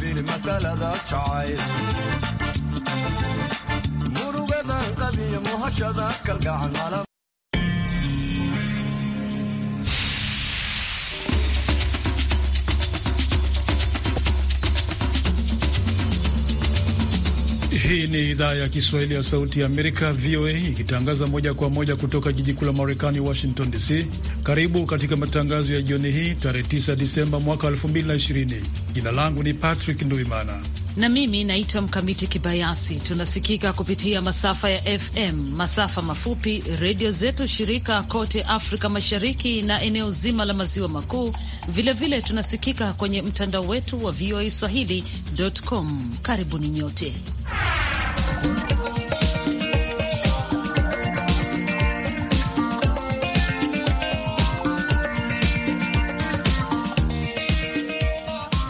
في maslada jacayl murugadan qabiyo muhashada kalgacal Hii ni idhaa ya Kiswahili ya Sauti ya Amerika, VOA, ikitangaza moja kwa moja kutoka jiji kuu la Marekani, Washington DC. Karibu katika matangazo ya jioni hii tarehe 9 Disemba mwaka 2020. Jina langu ni Patrick Nduimana na mimi naitwa Mkamiti Kibayasi. Tunasikika kupitia masafa ya FM, masafa mafupi, redio zetu shirika kote Afrika Mashariki na eneo zima la maziwa makuu. Vilevile tunasikika kwenye mtandao wetu wa VOA Swahili.com. Karibuni nyote.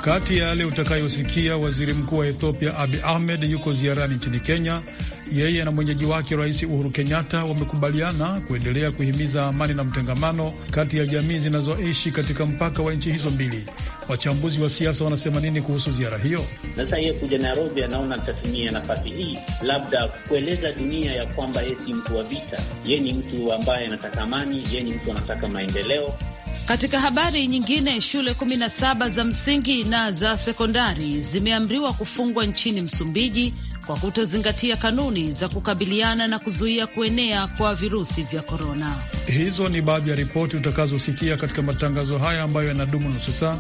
Kati ya yale utakayosikia, waziri mkuu wa Ethiopia Abi Ahmed yuko ziarani nchini Kenya. Yeye na mwenyeji wake Rais Uhuru Kenyatta wamekubaliana kuendelea kuhimiza amani na mtengamano kati ya jamii zinazoishi katika mpaka wa nchi hizo mbili. Wachambuzi wa siasa wanasema nini kuhusu ziara hiyo? Sasa yeye kuja Nairobi, anaona tatumia nafasi hii labda kueleza dunia ya kwamba yeye si mtu wa vita, yeye ni mtu ambaye anataka amani, yeye ni mtu anataka maendeleo, katika habari nyingine, shule 17 za msingi na za sekondari zimeamriwa kufungwa nchini Msumbiji kwa kutozingatia kanuni za kukabiliana na kuzuia kuenea kwa virusi vya korona. Hizo ni baadhi ya ripoti utakazosikia katika matangazo haya ambayo yanadumu nusu saa,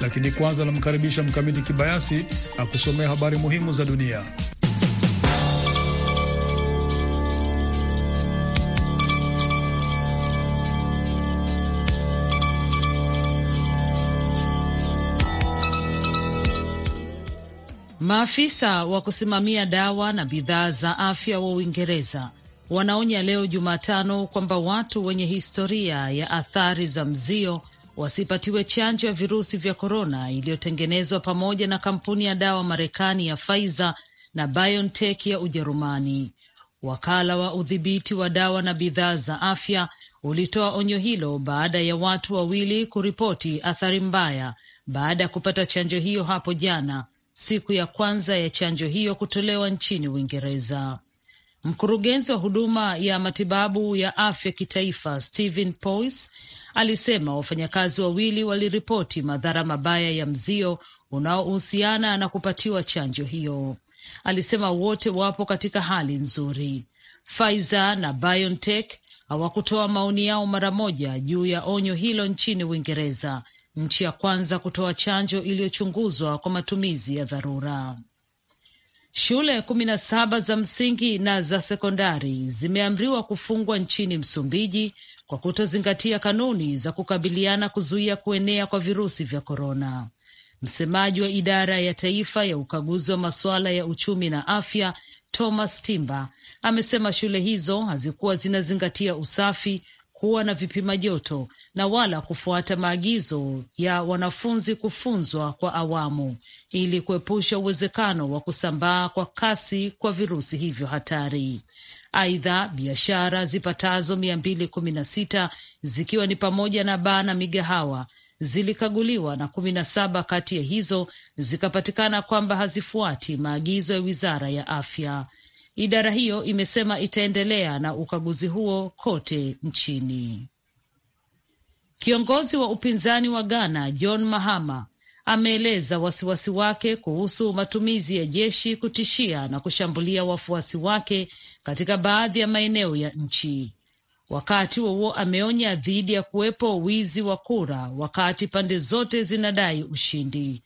lakini kwanza namkaribisha Mkamiti Kibayasi akusomea habari muhimu za dunia. Maafisa wa kusimamia dawa na bidhaa za afya wa Uingereza wanaonya leo Jumatano kwamba watu wenye historia ya athari za mzio wasipatiwe chanjo ya virusi vya korona iliyotengenezwa pamoja na kampuni ya dawa Marekani ya Pfizer na BioNTech ya Ujerumani. Wakala wa udhibiti wa dawa na bidhaa za afya ulitoa onyo hilo baada ya watu wawili kuripoti athari mbaya baada ya kupata chanjo hiyo hapo jana, siku ya kwanza ya chanjo hiyo kutolewa nchini Uingereza. Mkurugenzi wa huduma ya matibabu ya afya kitaifa Stephen Pois alisema wafanyakazi wawili waliripoti madhara mabaya ya mzio unaohusiana na kupatiwa chanjo hiyo. Alisema wote wapo katika hali nzuri. Pfizer na BioNTech hawakutoa maoni yao mara moja juu ya onyo hilo nchini Uingereza, nchi ya kwanza kutoa chanjo iliyochunguzwa kwa matumizi ya dharura. Shule kumi na saba za msingi na za sekondari zimeamriwa kufungwa nchini Msumbiji kwa kutozingatia kanuni za kukabiliana kuzuia kuenea kwa virusi vya korona. Msemaji wa idara ya taifa ya ukaguzi wa masuala ya uchumi na afya Thomas Timba amesema shule hizo hazikuwa zinazingatia usafi, kuwa na vipima joto na wala kufuata maagizo ya wanafunzi kufunzwa kwa awamu ili kuepusha uwezekano wa kusambaa kwa kasi kwa virusi hivyo hatari. Aidha, biashara zipatazo mia mbili kumi na sita zikiwa ni pamoja na baa na migahawa zilikaguliwa na kumi na saba kati ya hizo zikapatikana kwamba hazifuati maagizo ya wizara ya afya. Idara hiyo imesema itaendelea na ukaguzi huo kote nchini. Kiongozi wa upinzani wa Ghana John Mahama ameeleza wasiwasi wake kuhusu matumizi ya jeshi kutishia na kushambulia wafuasi wake katika baadhi ya maeneo ya nchi. Wakati huo ameonya dhidi ya kuwepo wizi wa kura wakati pande zote zinadai ushindi.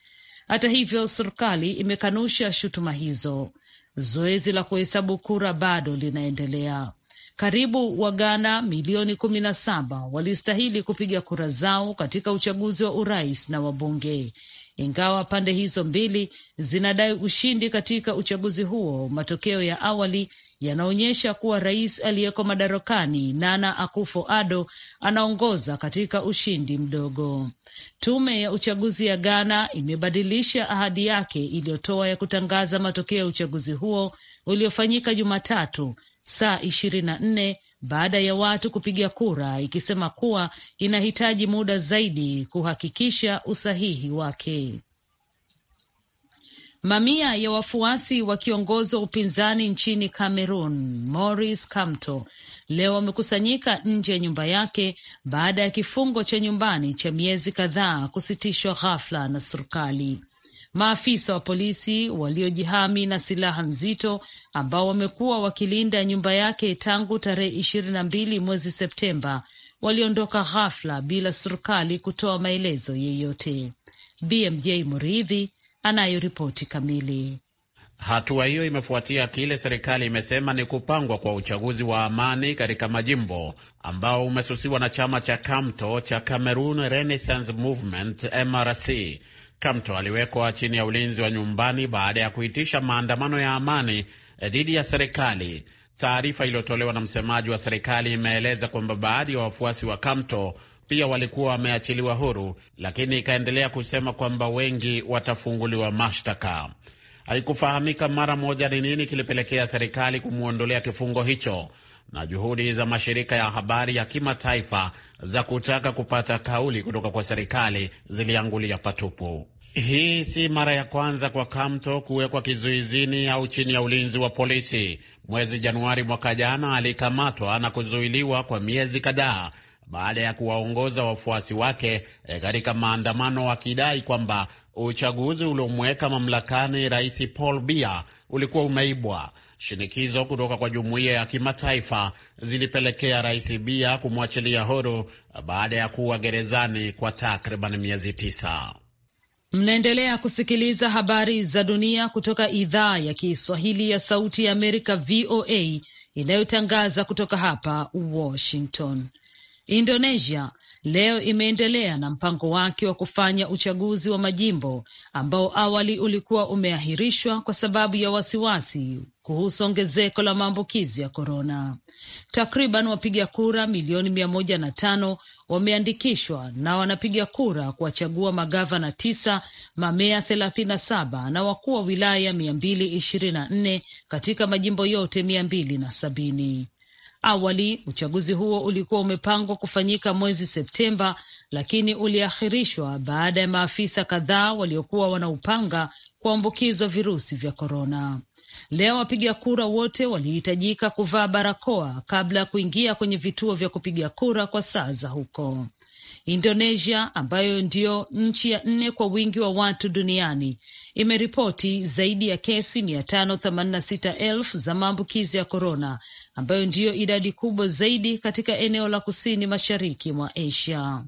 Hata hivyo, serikali imekanusha shutuma hizo. Zoezi la kuhesabu kura bado linaendelea. Karibu Waghana milioni kumi na saba walistahili kupiga kura zao katika uchaguzi wa urais na wabunge. Ingawa pande hizo mbili zinadai ushindi katika uchaguzi huo, matokeo ya awali yanaonyesha kuwa rais aliyeko madarakani Nana akufo ado anaongoza katika ushindi mdogo. Tume ya uchaguzi ya Ghana imebadilisha ahadi yake iliyotoa ya kutangaza matokeo ya uchaguzi huo uliofanyika Jumatatu saa ishirini na nne baada ya watu kupiga kura, ikisema kuwa inahitaji muda zaidi kuhakikisha usahihi wake. Mamia ya wafuasi wa kiongozi wa upinzani nchini Cameroon Maurice Kamto leo wamekusanyika nje ya nyumba yake baada ya kifungo cha nyumbani cha miezi kadhaa kusitishwa ghafla na serikali. Maafisa wa polisi waliojihami na silaha nzito ambao wamekuwa wakilinda nyumba yake tangu tarehe ishirini na mbili mwezi Septemba waliondoka ghafla bila serikali kutoa maelezo yeyote. BMJ Muridhi anayo ripoti kamili. Hatua hiyo imefuatia kile serikali imesema ni kupangwa kwa uchaguzi wa amani katika majimbo ambao umesusiwa na chama cha Kamto cha Cameroon Renaissance Movement MRC. Kamto aliwekwa chini ya ulinzi wa nyumbani baada ya kuitisha maandamano ya amani eh, dhidi ya serikali. Taarifa iliyotolewa na msemaji wa serikali imeeleza kwamba baadhi ya wafuasi wa Kamto pia walikuwa wameachiliwa huru, lakini ikaendelea kusema kwamba wengi watafunguliwa mashtaka. Haikufahamika mara moja ni nini kilipelekea serikali kumwondolea kifungo hicho, na juhudi za mashirika ya habari ya kimataifa za kutaka kupata kauli kutoka kwa serikali ziliangulia patupu. Hii si mara ya kwanza kwa Kamto kuwekwa kizuizini au chini ya ulinzi wa polisi. Mwezi Januari mwaka jana alikamatwa na kuzuiliwa kwa miezi kadhaa baada ya kuwaongoza wafuasi wake eh, katika maandamano wakidai kwamba uchaguzi uliomweka mamlakani Rais Paul Biya ulikuwa umeibwa. Shinikizo kutoka kwa jumuiya ya kimataifa zilipelekea Rais Biya kumwachilia huru baada ya kuwa gerezani kwa takriban miezi tisa. Mnaendelea kusikiliza habari za dunia kutoka idhaa ya Kiswahili ya Sauti ya Amerika, VOA, inayotangaza kutoka hapa Washington. Indonesia leo imeendelea na mpango wake wa kufanya uchaguzi wa majimbo ambao awali ulikuwa umeahirishwa kwa sababu ya wasiwasi kuhusu ongezeko la maambukizi ya korona. Takriban wapiga kura milioni mia moja na tano wameandikishwa na wanapiga kura kuwachagua magavana tisa, mamea thelathini na saba na wakuu wa wilaya mia mbili ishirini na nne katika majimbo yote mia mbili na sabini. Awali uchaguzi huo ulikuwa umepangwa kufanyika mwezi Septemba, lakini uliahirishwa baada ya maafisa kadhaa waliokuwa wanaupanga kuambukizwa virusi vya korona. Leo wapiga kura wote walihitajika kuvaa barakoa kabla ya kuingia kwenye vituo vya kupiga kura kwa saa za huko. Indonesia ambayo ndiyo nchi ya nne kwa wingi wa watu duniani imeripoti zaidi ya kesi 586,000 za maambukizi ya korona ambayo ndiyo idadi kubwa zaidi katika eneo la kusini mashariki mwa Asia.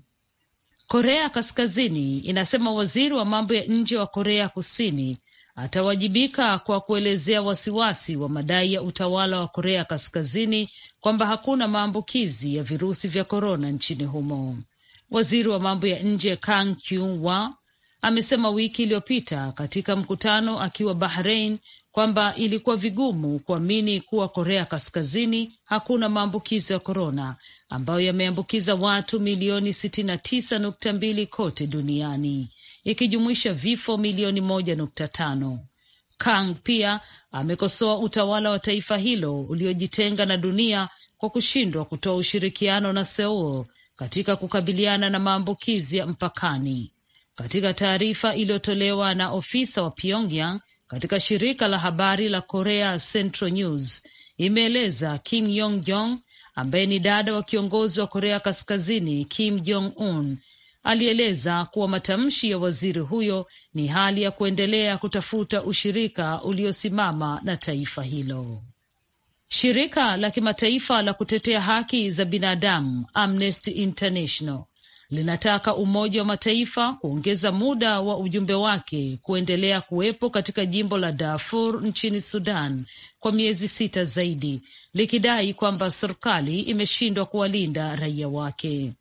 Korea Kaskazini inasema waziri wa mambo ya nje wa Korea Kusini atawajibika kwa kuelezea wasiwasi wa madai ya utawala wa Korea Kaskazini kwamba hakuna maambukizi ya virusi vya korona nchini humo. Waziri wa mambo ya nje Kang Kyung-wa amesema wiki iliyopita katika mkutano akiwa Bahrain kwamba ilikuwa vigumu kuamini kuwa Korea Kaskazini hakuna maambukizo ya korona ambayo yameambukiza watu milioni 69.2 kote duniani ikijumuisha vifo milioni 1.5. Kang pia amekosoa utawala wa taifa hilo uliojitenga na dunia kwa kushindwa kutoa ushirikiano na Seoul katika kukabiliana na maambukizi ya mpakani. Katika taarifa iliyotolewa na ofisa wa Pyongyang katika shirika la habari la Korea Central News, imeeleza Kim Yong Jong ambaye ni dada wa kiongozi wa Korea Kaskazini Kim Jong Un alieleza kuwa matamshi ya waziri huyo ni hali ya kuendelea kutafuta ushirika uliosimama na taifa hilo. Shirika la kimataifa la kutetea haki za binadamu Amnesty International linataka Umoja wa Mataifa kuongeza muda wa ujumbe wake kuendelea kuwepo katika jimbo la Darfur nchini Sudan kwa miezi sita zaidi, likidai kwamba serikali imeshindwa kuwalinda raia wake.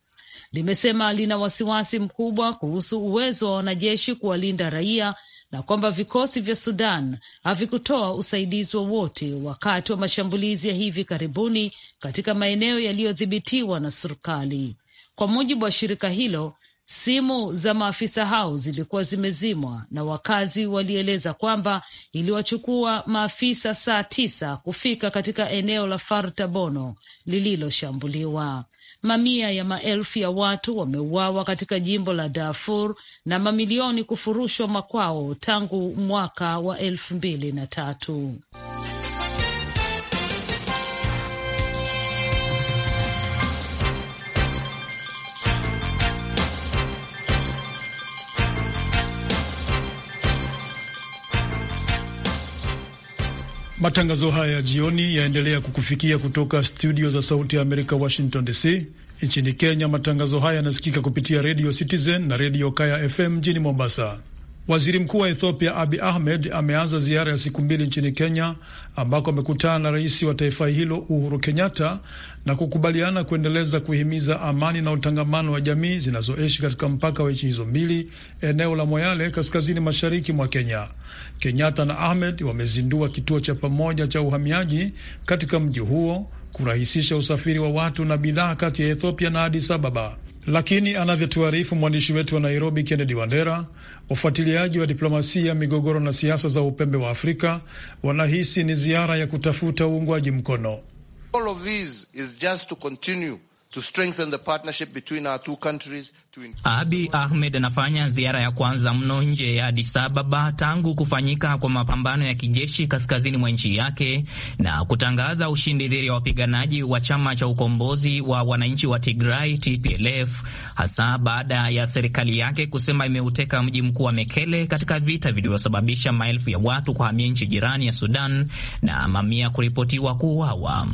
Limesema lina wasiwasi mkubwa kuhusu uwezo wa wanajeshi kuwalinda raia na kwamba vikosi vya Sudan havikutoa usaidizi wowote wakati wa mashambulizi ya hivi karibuni katika maeneo yaliyodhibitiwa na serikali. Kwa mujibu wa shirika hilo, simu za maafisa hao zilikuwa zimezimwa na wakazi walieleza kwamba iliwachukua maafisa saa tisa kufika katika eneo la fartabono lililoshambuliwa. Mamia ya maelfu ya watu wameuawa katika jimbo la Darfur na mamilioni kufurushwa makwao tangu mwaka wa elfu mbili na tatu. Matangazo haya ya jioni yaendelea kukufikia kutoka studio za Sauti ya Amerika, Washington DC. Nchini Kenya, matangazo haya yanasikika kupitia redio Citizen na redio Kaya FM mjini Mombasa. Waziri mkuu wa Ethiopia Abi Ahmed ameanza ziara ya siku mbili nchini Kenya ambako amekutana na rais wa taifa hilo Uhuru Kenyatta na kukubaliana kuendeleza kuhimiza amani na utangamano wa jamii zinazoishi katika mpaka wa nchi hizo mbili, eneo la Moyale kaskazini mashariki mwa Kenya. Kenyatta na Ahmed wamezindua kituo cha pamoja cha uhamiaji katika mji huo kurahisisha usafiri wa watu na bidhaa kati ya Ethiopia na Addis Ababa. Lakini anavyotuarifu mwandishi wetu wa Nairobi, Kennedy Wandera, wafuatiliaji wa diplomasia, migogoro na siasa za upembe wa Afrika wanahisi ni ziara ya kutafuta uungwaji mkono. All of this is just to continue Abi Ahmed anafanya ziara ya kwanza mno nje ya Addis Ababa tangu kufanyika kwa mapambano ya kijeshi kaskazini mwa nchi yake na kutangaza ushindi dhidi ya wapiganaji wa chama cha ukombozi wa wananchi wa Tigray TPLF, hasa baada ya serikali yake kusema imeuteka mji mkuu wa Mekele katika vita vilivyosababisha maelfu ya watu kuhamia nchi jirani ya Sudan na mamia kuripotiwa kuuawa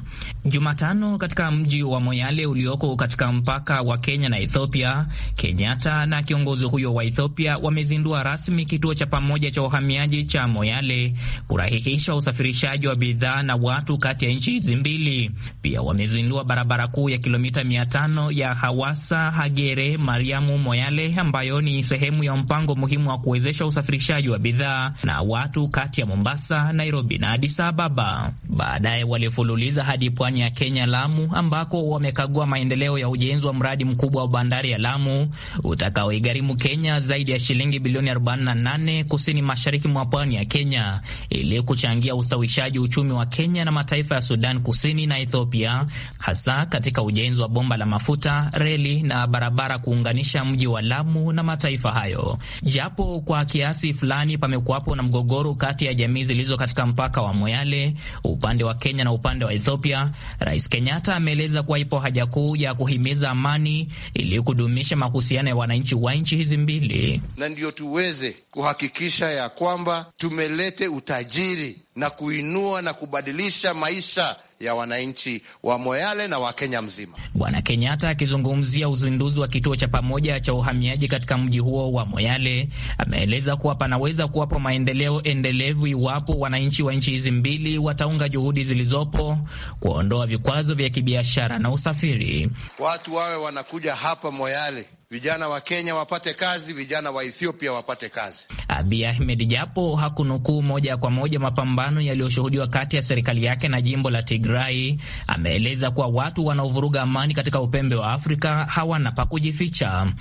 Jumatano katika mji wa Moyale ulio ulioko katika mpaka wa Kenya na Ethiopia, Kenyatta na kiongozi huyo wa Ethiopia wamezindua rasmi kituo cha pamoja cha uhamiaji cha Moyale kurahisisha usafirishaji wa bidhaa na watu kati ya nchi hizi mbili. Pia wamezindua barabara kuu ya kilomita 500 ya hawasa Hagere Mariamu Moyale ambayo ni sehemu ya mpango muhimu wa kuwezesha usafirishaji wa bidhaa na watu kati ya Mombasa, Nairobi na Addis Ababa. Baadaye walifululiza hadi pwani ya Kenya, Lamu, ambako wamekagua maendeleo ya ujenzi wa mradi mkubwa wa bandari ya Lamu utakaoigharimu Kenya zaidi ya shilingi bilioni 48 kusini mashariki mwa pwani ya Kenya ili kuchangia usawishaji uchumi wa Kenya na mataifa ya Sudan Kusini na Ethiopia, hasa katika ujenzi wa bomba la mafuta, reli na barabara kuunganisha mji wa Lamu na mataifa hayo. Japo kwa kiasi fulani pamekuwapo na mgogoro kati ya jamii zilizo katika mpaka wa Moyale upande wa Kenya na upande wa Ethiopia, Rais Kenyatta ameeleza kuwa ipo haja kuu kuu ya kuhimiza amani ili kudumisha mahusiano ya wananchi wa nchi hizi mbili, na ndiyo tuweze kuhakikisha ya kwamba tumelete utajiri na kuinua na kubadilisha maisha ya wananchi wa Moyale na wa Kenya mzima. Bwana Kenyatta akizungumzia uzinduzi wa kituo cha pamoja cha uhamiaji katika mji huo wa Moyale ameeleza kuwa panaweza kuwapo maendeleo endelevu iwapo wananchi wa nchi hizi mbili wataunga juhudi zilizopo kuondoa vikwazo vya kibiashara na usafiri. Watu wawe wanakuja hapa Moyale vijana wa Kenya wapate kazi, vijana wa Ethiopia wapate kazi. Abi Ahmed japo hakunukuu moja kwa moja mapambano yaliyoshuhudiwa kati ya serikali yake na jimbo la Tigrai, ameeleza kuwa watu wanaovuruga amani katika upembe wa Afrika hawana pa kujificha.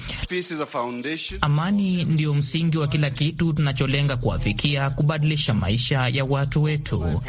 Amani ndiyo msingi wa kila kitu tunacholenga kuwafikia, kubadilisha maisha ya watu wetu.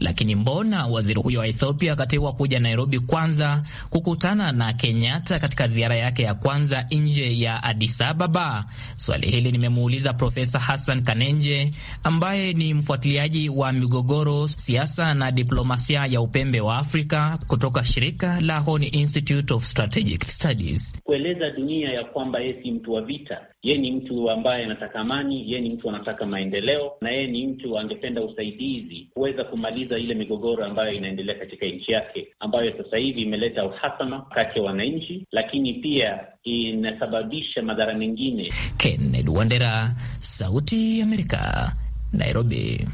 Lakini mbona waziri huyo wa Ethiopia akatiwa kuja Nairobi kwanza kukutana na Kenyatta katika ziara yake ya kwanza nje ya Addis Ababa? Swali hili nimemuuliza Profesa Hassan Kanenje ambaye ni mfuatiliaji wa migogoro, siasa na diplomasia ya upembe wa Afrika kutoka shirika la Honi Institute of Strategic Studies. Kueleza dunia ya kwamba yeye si mtu wa vita, yeye ni mtu ambaye anataka amani, yeye ni mtu anataka maendeleo, na yeye ni mtu angependa usaidizi kuweza kumaliza ile migogoro ambayo inaendelea katika nchi yake ambayo sasa hivi imeleta uhasama kati ya wananchi, lakini pia inasababisha madhara mengine. Kennedy Wandera, Sauti ya Amerika, Nairobi.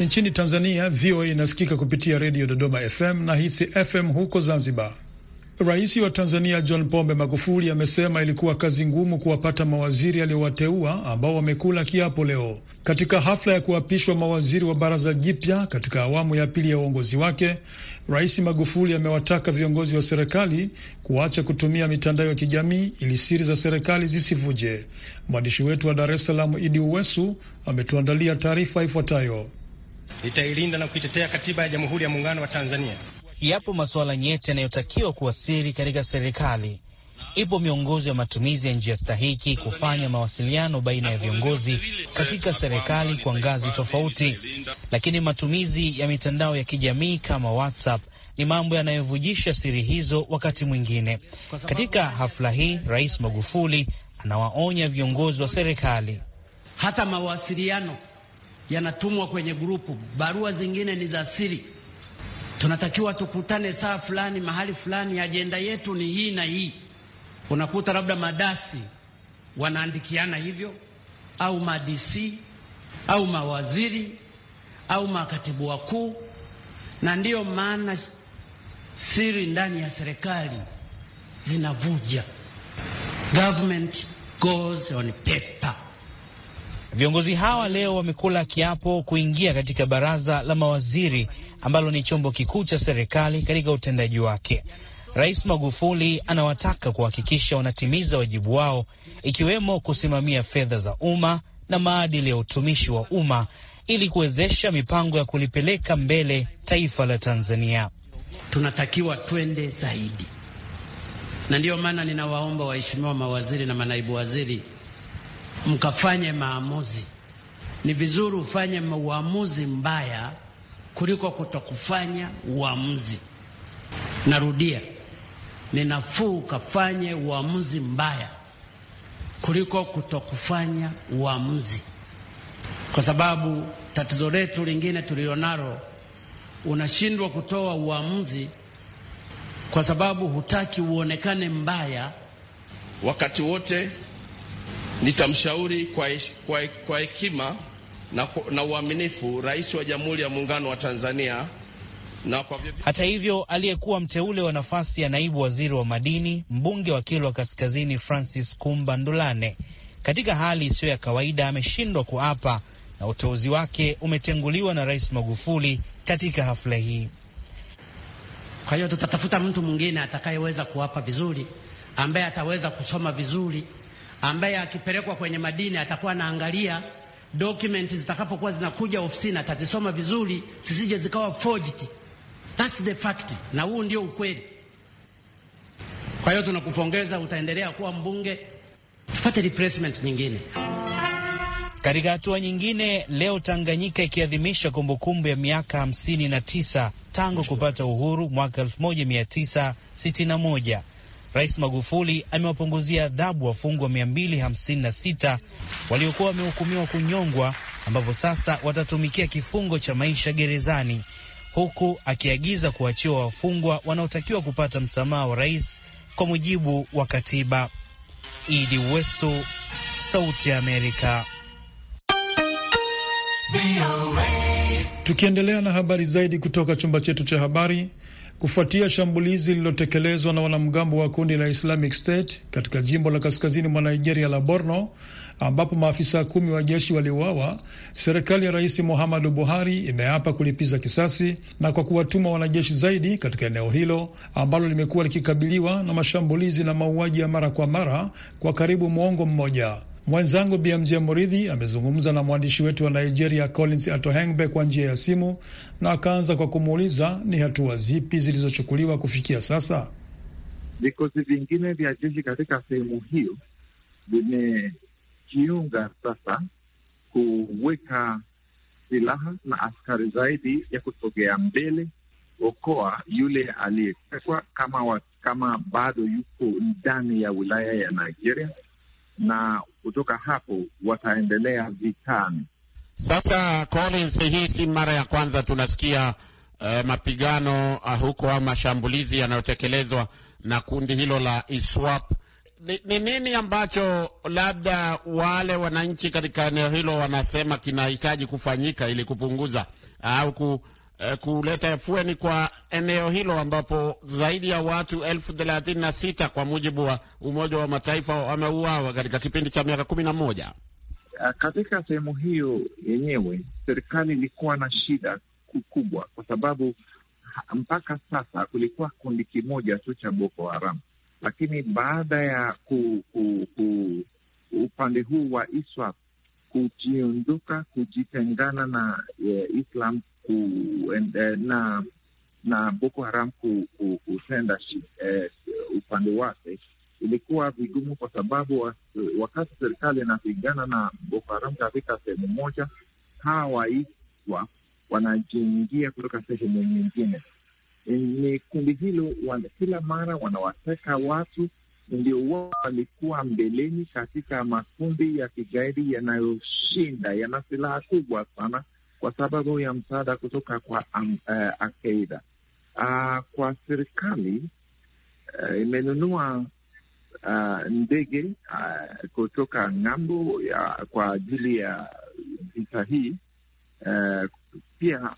Nchini Tanzania, VOA inasikika kupitia redio Dodoma FM na Hisi FM huko Zanzibar. Rais wa Tanzania John Pombe Magufuli amesema ilikuwa kazi ngumu kuwapata mawaziri aliyowateua ambao wamekula kiapo leo. Katika hafla ya kuapishwa mawaziri wa baraza jipya katika awamu ya pili ya uongozi wake, Rais Magufuli amewataka viongozi wa serikali kuacha kutumia mitandao ya kijamii ili siri za serikali zisivuje. Mwandishi wetu wa Dar es Salaam Idi Uwesu ametuandalia taarifa ifuatayo. Nitailinda na kuitetea katiba ya Jamhuri ya Muungano wa Tanzania Yapo masuala nyeti yanayotakiwa kuwa siri katika serikali. Ipo miongozo ya matumizi ya njia stahiki kufanya mawasiliano baina ya viongozi katika serikali kwa ngazi tofauti, lakini matumizi ya mitandao ya kijamii kama WhatsApp ni mambo yanayovujisha siri hizo wakati mwingine. Katika hafla hii, Rais Magufuli anawaonya viongozi wa serikali. Hata mawasiliano yanatumwa kwenye grupu, barua zingine ni za siri tunatakiwa tukutane saa fulani mahali fulani, ajenda yetu ni hii na hii. Unakuta labda madasi wanaandikiana hivyo, au madisi au mawaziri au makatibu wakuu, na ndiyo maana siri ndani ya serikali zinavuja. Government goes on paper. Viongozi hawa leo wamekula kiapo kuingia katika baraza la mawaziri ambalo ni chombo kikuu cha serikali katika utendaji wake. Rais Magufuli anawataka kuhakikisha wanatimiza wajibu wao ikiwemo kusimamia fedha za umma na maadili ya utumishi wa umma ili kuwezesha mipango ya kulipeleka mbele taifa la Tanzania. Tunatakiwa twende zaidi, na ndiyo maana ninawaomba waheshimiwa mawaziri na manaibu waziri mkafanye maamuzi. Ni vizuri ufanye uamuzi mbaya kuliko kutokufanya uamuzi. Narudia, ni nafuu ukafanye uamuzi mbaya kuliko kutokufanya uamuzi, kwa sababu tatizo letu lingine tulilonalo, unashindwa kutoa uamuzi kwa sababu hutaki uonekane mbaya wakati wote Nitamshauri kwa, kwa, kwa hekima na, na uaminifu Rais wa Jamhuri ya Muungano wa Tanzania. Na kwa hata hivyo, aliyekuwa mteule wa nafasi ya naibu waziri wa madini mbunge wa Kilwa Kaskazini Francis Kumba Ndulane, katika hali isiyo ya kawaida ameshindwa kuapa na uteuzi wake umetenguliwa na Rais Magufuli katika hafla hii. Kwa hiyo tutatafuta mtu mwingine atakayeweza kuapa vizuri, ambaye ataweza kusoma vizuri ambaye akipelekwa kwenye madini atakuwa anaangalia dokumenti zitakapokuwa zinakuja ofisini atazisoma vizuri, zisije zikawa forged. That's the fact, na huu ndio ukweli. Kwa hiyo tunakupongeza, utaendelea kuwa mbunge, tupate replacement nyingine. Katika hatua nyingine, leo Tanganyika ikiadhimisha kumbukumbu ya miaka 59 tangu kupata uhuru mwaka 1961 Rais Magufuli amewapunguzia adhabu wafungwa 256 waliokuwa wamehukumiwa kunyongwa, ambapo sasa watatumikia kifungo cha maisha gerezani, huku akiagiza kuachiwa wafungwa wanaotakiwa kupata msamaha wa rais kwa mujibu wa katiba. Idi Wesu, Sauti ya Amerika. Tukiendelea na habari zaidi kutoka chumba chetu cha habari kufuatia shambulizi lililotekelezwa na wanamgambo wa kundi la Islamic State katika jimbo la kaskazini mwa Nigeria la Borno, ambapo maafisa kumi wa jeshi waliuawa. Serikali ya Rais Muhammadu Buhari imeapa kulipiza kisasi na kwa kuwatuma wanajeshi zaidi katika eneo hilo ambalo limekuwa likikabiliwa na mashambulizi na mauaji ya mara kwa mara kwa karibu mwongo mmoja. Mwenzangu BMJ Muridhi amezungumza na mwandishi wetu wa Nigeria Collins Atohengbe kwa njia ya simu na akaanza kwa kumuuliza ni hatua zipi zilizochukuliwa kufikia sasa. Vikosi vingine vya jeshi katika sehemu hiyo vimejiunga sasa kuweka silaha na askari zaidi ya kusogea mbele okoa yule aliyetekwa, kama, kama bado yuko ndani ya wilaya ya Nigeria na kutoka hapo wataendelea vitani. Sasa Collins, hii si mara ya kwanza tunasikia eh, mapigano ah, huko au mashambulizi yanayotekelezwa na kundi hilo la ISWAP. Ni nini ambacho labda wale wananchi katika eneo hilo wanasema kinahitaji kufanyika ili kupunguza au ah, Eh, kuleta afueni kwa eneo hilo ambapo zaidi ya watu elfu thelathini na sita kwa mujibu wa Umoja wa Mataifa wameuawa katika kipindi cha miaka kumi na moja. Eh, katika sehemu hiyo yenyewe serikali ilikuwa na shida kubwa, kwa sababu mpaka sasa kulikuwa kundi kimoja tu cha Boko Haram, lakini baada ya ku, ku, ku, upande huu wa ISWAP kujiunduka kujitengana na e, Islam ku, eh, na na Boko Haram kutenda ku, eh, upande wake ilikuwa vigumu kwa sababu wakati serikali inapigana na Boko Haram katika sehemu moja, hawa waitwa wanajiingia kutoka sehemu nyingine. Ni kundi hilo kila mara wanawateka watu, ndio wao walikuwa mbeleni katika makundi ya kigaidi yanayoshinda, yana silaha kubwa sana kwa sababu ya msaada kutoka kwa um, uh, eh, Alqaida. Uh, ah, kwa serikali uh, imenunua uh, ndege uh, kutoka ng'ambo ya, kwa ajili ya vita hii uh, pia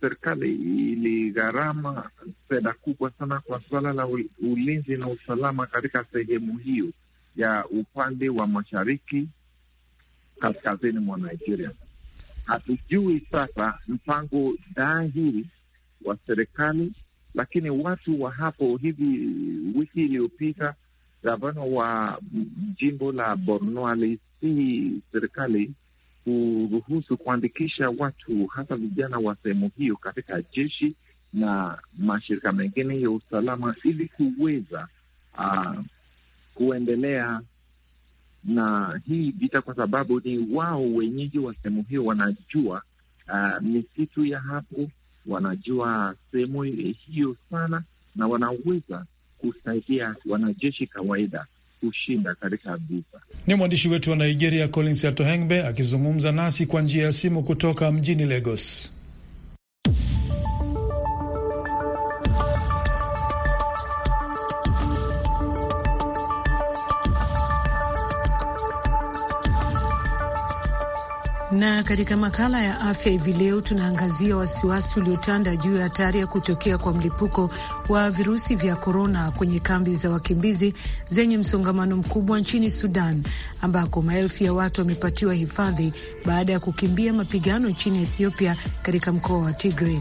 serikali iligharama fedha kubwa sana kwa suala la ulinzi na usalama katika sehemu hiyo ya upande wa mashariki kaskazini mwa Nigeria. Hatujui sasa mpango dhahiri wa serikali, lakini watu wa hapo, hivi wiki iliyopita, gavana wa jimbo la Borno alisihi serikali kuruhusu kuandikisha watu hasa vijana wa sehemu hiyo katika jeshi na mashirika mengine ya usalama ili kuweza uh, kuendelea na hii vita, kwa sababu ni wao wenyeji wa sehemu hiyo wanajua uh, misitu ya hapo, wanajua sehemu hiyo sana, na wanaweza kusaidia wanajeshi kawaida kushinda katika vita. Ni mwandishi wetu wa Nigeria Collins Atohengbe akizungumza nasi kwa njia ya simu kutoka mjini Lagos. Na katika makala ya afya hivi leo tunaangazia wasiwasi uliotanda juu ya hatari ya kutokea kwa mlipuko wa virusi vya korona kwenye kambi za wakimbizi zenye msongamano mkubwa nchini Sudan, ambako maelfu ya watu wamepatiwa hifadhi baada ya kukimbia mapigano nchini Ethiopia katika mkoa wa Tigray.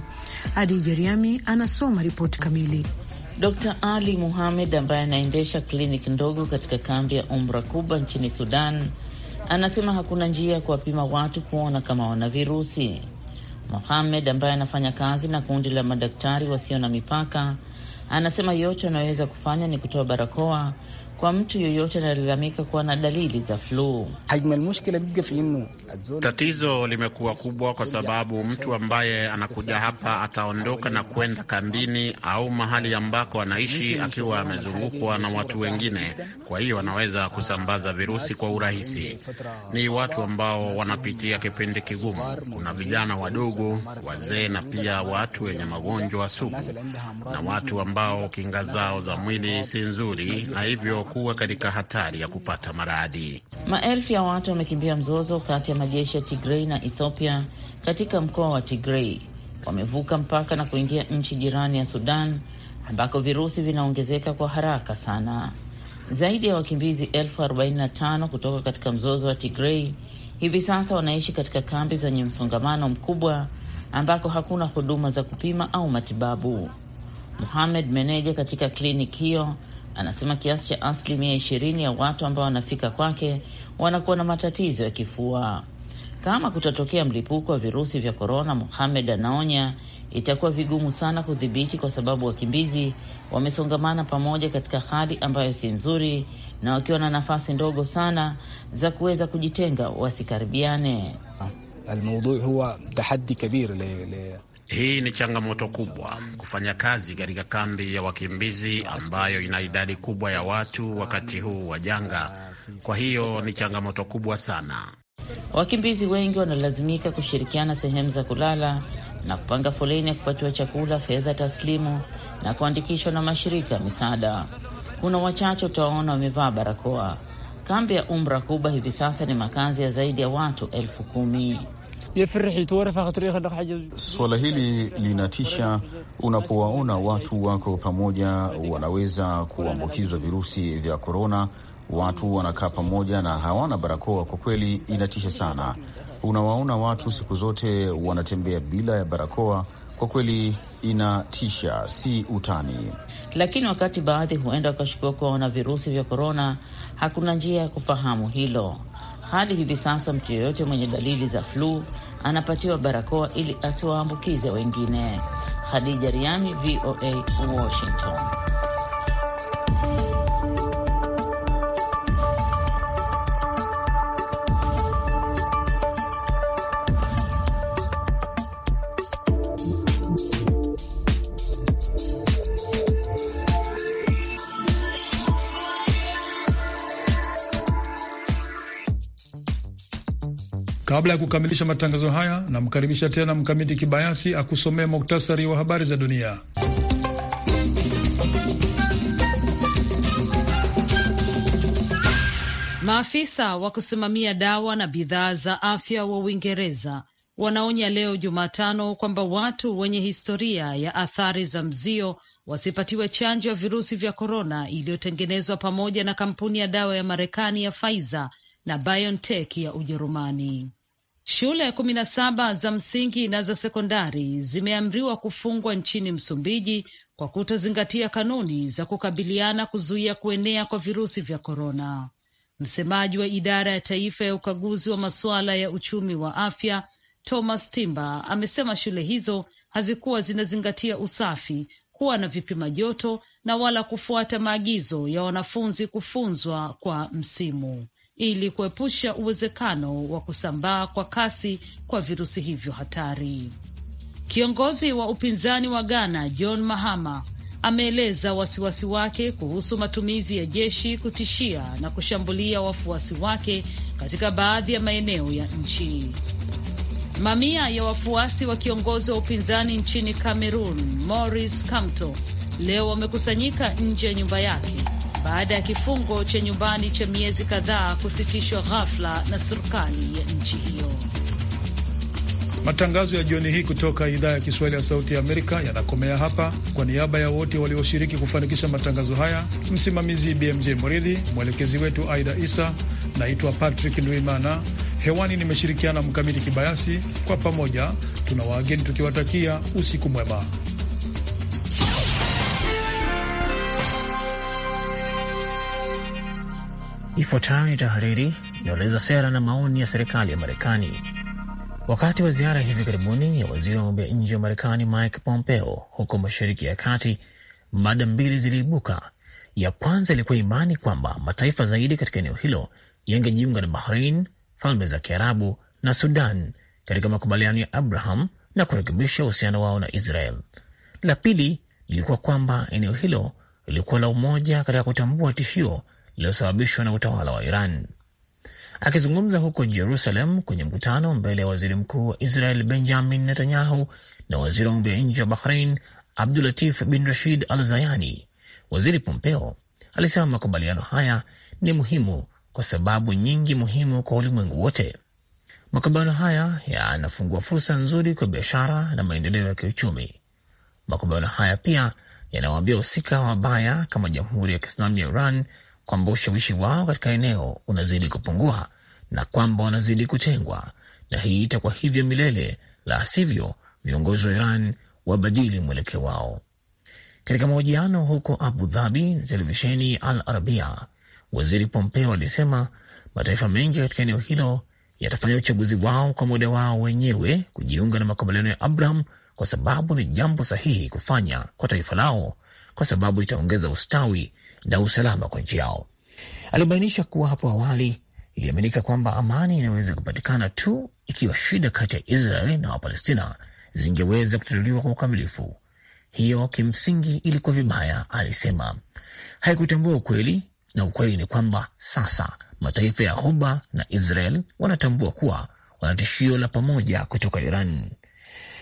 Adi Jeriami anasoma ripoti kamili. Dr Ali Muhamed ambaye anaendesha kliniki ndogo katika kambi ya Umra kubwa nchini Sudan anasema hakuna njia ya kuwapima watu kuona kama wana virusi. Mohamed ambaye anafanya kazi na kundi la madaktari wasio na mipaka anasema yote anayoweza kufanya ni kutoa barakoa kwa mtu yoyote analalamika kuwa na dalili za flu. Tatizo limekuwa kubwa kwa sababu mtu ambaye anakuja hapa ataondoka na kwenda kambini au mahali ambako anaishi akiwa amezungukwa na watu wengine, kwa hiyo anaweza kusambaza virusi kwa urahisi. Ni watu ambao wanapitia kipindi kigumu. Kuna vijana wadogo, wazee na pia watu wenye magonjwa sugu na watu ambao kinga zao za mwili si nzuri na hivyo kuwa katika hatari ya kupata maradhi. Maelfu ya watu wamekimbia mzozo kati ya majeshi ya Tigrei na Ethiopia katika mkoa wa Tigrei, wamevuka mpaka na kuingia nchi jirani ya Sudan ambako virusi vinaongezeka kwa haraka sana. Zaidi ya wakimbizi elfu 45 kutoka katika mzozo wa Tigrei hivi sasa wanaishi katika kambi zenye msongamano mkubwa ambako hakuna huduma za kupima au matibabu. Muhamed Meneja katika kliniki hiyo Anasema kiasi cha asilimia ishirini ya watu ambao wanafika kwake wanakuwa na matatizo ya kifua. Kama kutatokea mlipuko wa virusi vya korona, Muhamed anaonya itakuwa vigumu sana kudhibiti, kwa sababu wakimbizi wamesongamana pamoja katika hali ambayo si nzuri, na wakiwa na nafasi ndogo sana za kuweza kujitenga wasikaribiane. Almaudhui huwa tahaddi kabir le, le. Hii ni changamoto kubwa kufanya kazi katika kambi ya wakimbizi ambayo ina idadi kubwa ya watu wakati huu wa janga. Kwa hiyo ni changamoto kubwa sana. Wakimbizi wengi wanalazimika kushirikiana sehemu za kulala na kupanga foleni ya kupatiwa chakula, fedha taslimu na kuandikishwa na mashirika ya misaada. Kuna wachache utawaona wamevaa barakoa Kambi ya Umra Kuba hivi sasa ni makazi ya zaidi ya watu elfu kumi. Suala hili linatisha. Unapowaona watu wako pamoja, wanaweza kuambukizwa virusi vya korona. Watu wanakaa pamoja na hawana barakoa, kwa kweli inatisha sana. Unawaona watu siku zote wanatembea bila ya barakoa, kwa kweli inatisha, si utani lakini wakati baadhi huenda wakashukiwa kuwa wana virusi vya korona, hakuna njia ya kufahamu hilo. Hadi hivi sasa mtu yeyote mwenye dalili za flu anapatiwa barakoa ili asiwaambukize wengine. Khadija Riami, VOA, Washington. Kabla ya kukamilisha matangazo haya, namkaribisha tena Mkamiti Kibayasi akusomee muktasari wa habari za dunia. Maafisa wa kusimamia dawa na bidhaa za afya wa Uingereza wanaonya leo Jumatano kwamba watu wenye historia ya athari za mzio wasipatiwe chanjo ya virusi vya korona iliyotengenezwa pamoja na kampuni ya dawa ya Marekani ya Pfizer na BioNTech ya Ujerumani. Shule kumi na saba za msingi na za sekondari zimeamriwa kufungwa nchini Msumbiji kwa kutozingatia kanuni za kukabiliana kuzuia kuenea kwa virusi vya korona. Msemaji wa idara ya taifa ya ukaguzi wa masuala ya uchumi wa afya Thomas Timba amesema shule hizo hazikuwa zinazingatia usafi, kuwa na vipima joto na wala kufuata maagizo ya wanafunzi kufunzwa kwa msimu ili kuepusha uwezekano wa kusambaa kwa kasi kwa virusi hivyo hatari. Kiongozi wa upinzani wa Ghana John Mahama ameeleza wasiwasi wake kuhusu matumizi ya jeshi kutishia na kushambulia wafuasi wake katika baadhi ya maeneo ya nchi. Mamia ya wafuasi wa kiongozi wa upinzani nchini Cameroon Maurice Kamto leo wamekusanyika nje ya nyumba yake baada ya kifungo cha nyumbani cha miezi kadhaa kusitishwa ghafla na serikali ya nchi hiyo. Matangazo ya jioni hii kutoka idhaa ya Kiswahili ya Sauti ya Amerika yanakomea hapa. Kwa niaba ya wote walioshiriki kufanikisha matangazo haya, msimamizi BMJ Mridhi, mwelekezi wetu Aida Isa, naitwa Patrick Ndwimana. Hewani nimeshirikiana Mkamiti Kibayasi. Kwa pamoja tuna wageni tukiwatakia usiku mwema. Ifuatayo ni tahariri inayoeleza sera na maoni ya serikali ya Marekani. Wakati wa ziara hivi karibuni ya waziri wa mambo ya nje wa Marekani Mike Pompeo huko Mashariki ya Kati, mada mbili ziliibuka. Ya kwanza ilikuwa imani kwamba mataifa zaidi katika eneo hilo yangejiunga na Bahrain, Falme za Kiarabu na Sudan katika makubaliano ya Abraham na kurekebisha uhusiano wao na Israel. La pili lilikuwa kwamba eneo hilo lilikuwa la umoja katika kutambua tishio iliyosababishwa na utawala wa Iran. Akizungumza huko Jerusalem kwenye mkutano mbele ya waziri mkuu wa Israel Benjamin Netanyahu na waziri wa mambo ya nje wa Bahrain Abdulatif bin Rashid al Zayani, waziri Pompeo alisema makubaliano haya ni muhimu kwa sababu nyingi muhimu kwa ulimwengu wote. Makubaliano haya yanafungua fursa nzuri kwa biashara na maendeleo ya kiuchumi. Makubaliano haya pia yanawaambia wahusika wabaya kama Jamhuri ya Kiislamu ya Iran kwamba ushawishi wao katika eneo unazidi kupungua na kwamba wanazidi kutengwa, na hii itakuwa hivyo milele, la sivyo viongozi wa Iran wabadili mwelekeo wao. Katika mahojiano huko Abu Dhabi na televisheni Al Arabia, waziri Pompeo alisema mataifa mengi katika eneo hilo yatafanya uchaguzi wao kwa muda wao wenyewe kujiunga na makubaliano ya Abraham kwa sababu ni jambo sahihi kufanya kwa taifa lao, kwa sababu itaongeza ustawi na usalama kwa nchi yao. Alibainisha kuwa hapo awali iliaminika kwamba amani inaweza kupatikana tu ikiwa shida kati ya Israel na Wapalestina zingeweza kutatuliwa kwa ukamilifu. Hiyo kimsingi ilikuwa vibaya, alisema. Haikutambua ukweli, na ukweli ni kwamba sasa mataifa ya Ghuba na Israel wanatambua kuwa wana tishio la pamoja kutoka Iran.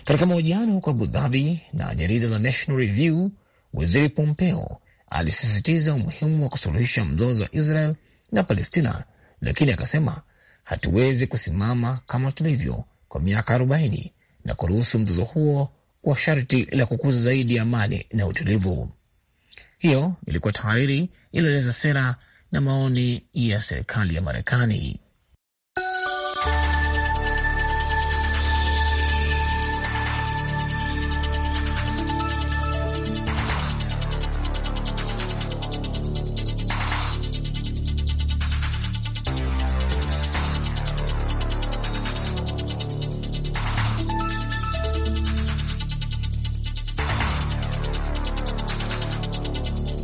Katika mahojiano huko Abu Dhabi na jarida la National Review, waziri Pompeo alisisitiza umuhimu wa kusuluhisha mzozo wa Israel na Palestina, lakini akasema hatuwezi kusimama kama tulivyo kwa miaka arobaini na kuruhusu mzozo huo kwa sharti la kukuza zaidi ya amani na utulivu. Hiyo ilikuwa tahariri ilieleza sera na maoni ya serikali ya Marekani.